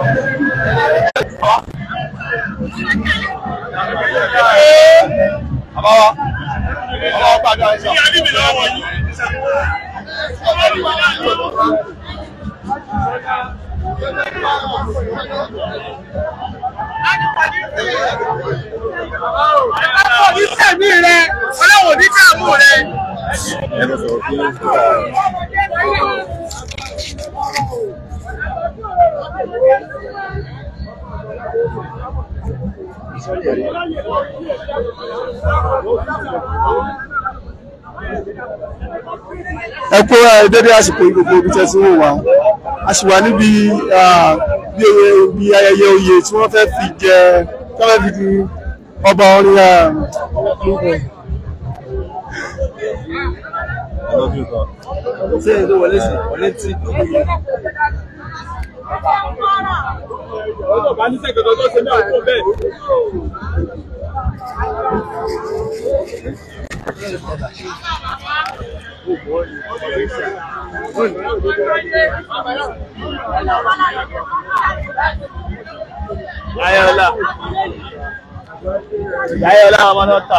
àbáwá àbáwá gbàgbà ẹ̀sà. ẹ kó dédé àsìkò gbogbo ibi tẹ́ wò wá a sì wà níbi bí ayẹyẹ oyè tí wọ́n fẹ́ fi jẹ tí wọ́n fẹ́ fi di ọba orin ṣé èdè wọlé sí wọlé tí ọjọ́ bá ọmọ náà ta.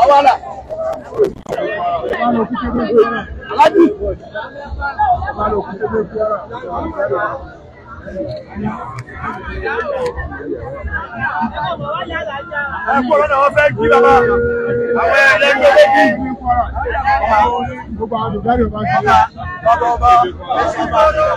Awala aláàjì ẹkú ọ̀rọ̀ náà wọ́n fẹ́ jí bàbá àwọn ẹlẹ́gbẹ́ méjì. gbogbo àwọn olùdarí ọba ń sọ. bàbá ọba ẹ̀sìn bá ọdún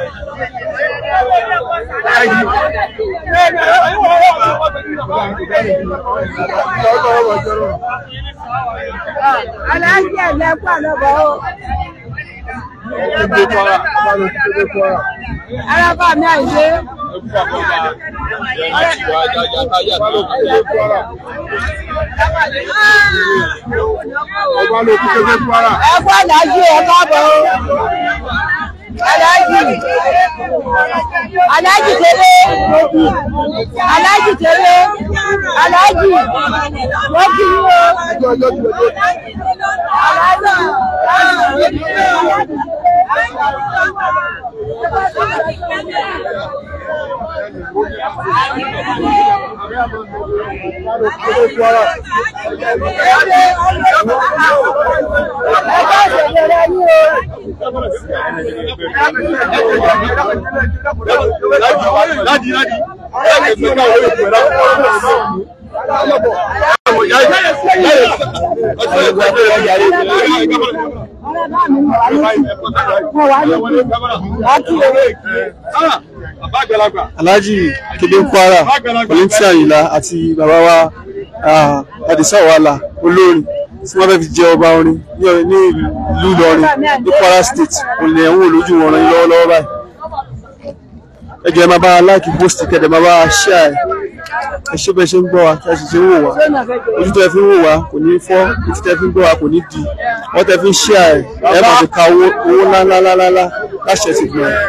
aláàjì ẹ̀jẹ̀ pà lọ́bọ̀ o. Arábà mi àìlé. Ọba ló kú Kwara. Ẹ kú àlájì ẹ̀ káàbọ̀ o. Aláàjì aláàjì tẹ́lẹ̀ aláàjì tẹ́lẹ̀ aláàjì wọ́n kì í wo aláàjì. Ẹgbẹ́ ìṣẹ̀lẹ̀ rẹ o láti láti láti gbé náà wọlé ìgbéra alhaji kede kwara olùtí àyìnlá àti bàbá wa ah, adisa wàhálà olórin tí wọ́n fẹ́ fi jẹ ọba orin ní ìlú Ìlọrin ní Kwara State òní ẹ̀hún olójú wọn ràn yín lọ́wọ́lọ́wọ́ báyìí ẹ máa bá a láìkì pósìtì kẹ́dẹ̀ máa bá a ṣe àì ẹ ṣe bẹ́ẹ̀ ṣe ń gbọ́ wa kí a sì ṣe ń wò wá ojú tẹ́ fi ń wò wá kò ní fọ́ ojú tẹ́ fi ń gbọ́ wa kò ní di wọ́n tẹ́ fi ń ṣe àì ẹ máa fi ka owó ńláńláńláńlá láṣẹ ti gbọ́ ẹ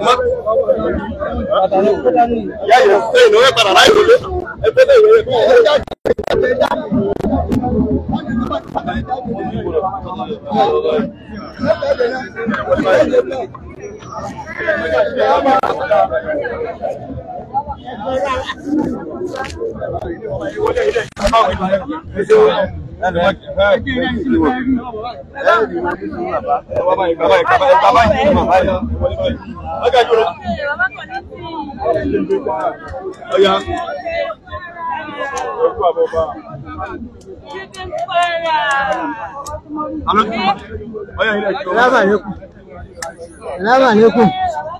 yáyẹ ṣe ìnáwó ẹ padà láì wọlé ẹgbẹ́ náà ìwé rẹ̀ Thank you. Assalamu alaikum. Assalamu alaikum.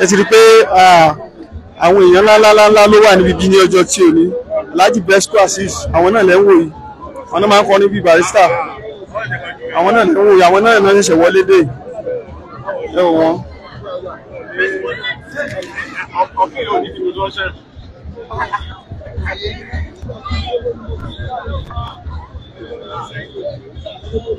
ẹ ti rí i pé àwọn èèyàn ńláńláńlá ló wà níbi bí ní ọjọ́ tí ò ní Alhaji Besco Azeez àwọn náà lẹ́ ń wò yìí àwọn náà máa ń kọ́ níbi Barrister àwọn náà lẹ́ ń wò yìí àwọn náà náà ṣẹ̀ṣẹ̀ wọlé dé ẹ wò wọ́n. Thank you.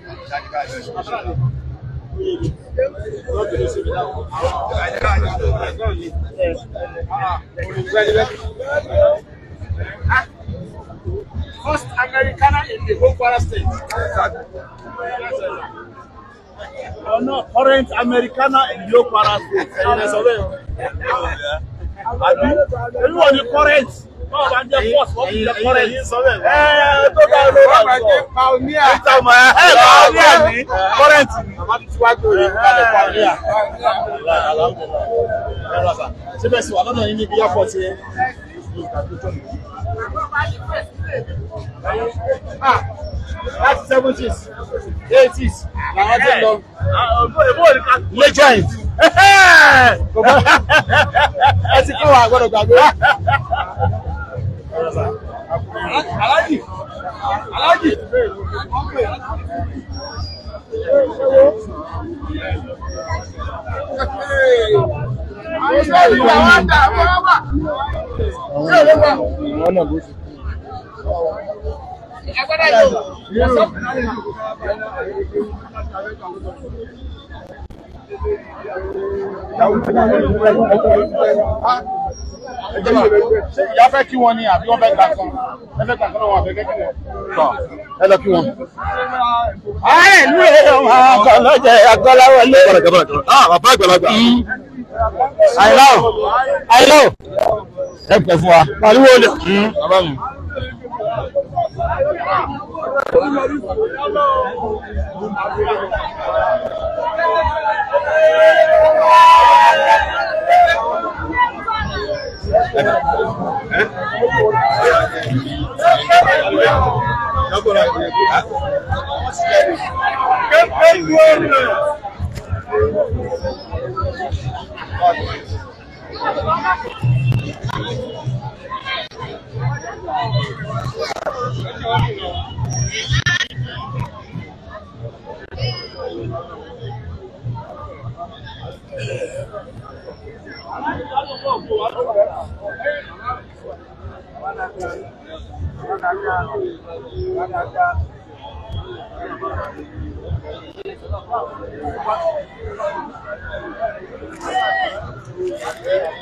First Americana in the whole Kwara state. Oh no, current Americana in the whole Kwara state. Everyone the current báwo bá jẹ́ pọ́ọ̀sì legend. ẹ ti kọ́ wa gbọ́dọ̀ aláàjì aláàjì ọ̀nà bó ti kú ìyá fẹ́ kí wọ́n ní àbí wọ́n fẹ́ gbà kan ẹ fẹ́ gbà kan náà wọ́n fẹ́ kẹ́kẹ́ tọ́ ẹ lọ kí wọ́n. ayé ìlú èèyàn máa kọ lọ́jọ́ àgọ́lá wọlé. ah bàbá àgbàlagbà. Hmm. àìlọ́ àìlọ́ ẹ pẹ̀ fún wa. pariwo olè. Hmm. bàbá mi. Thank you. Campeón Thank you. Thank you.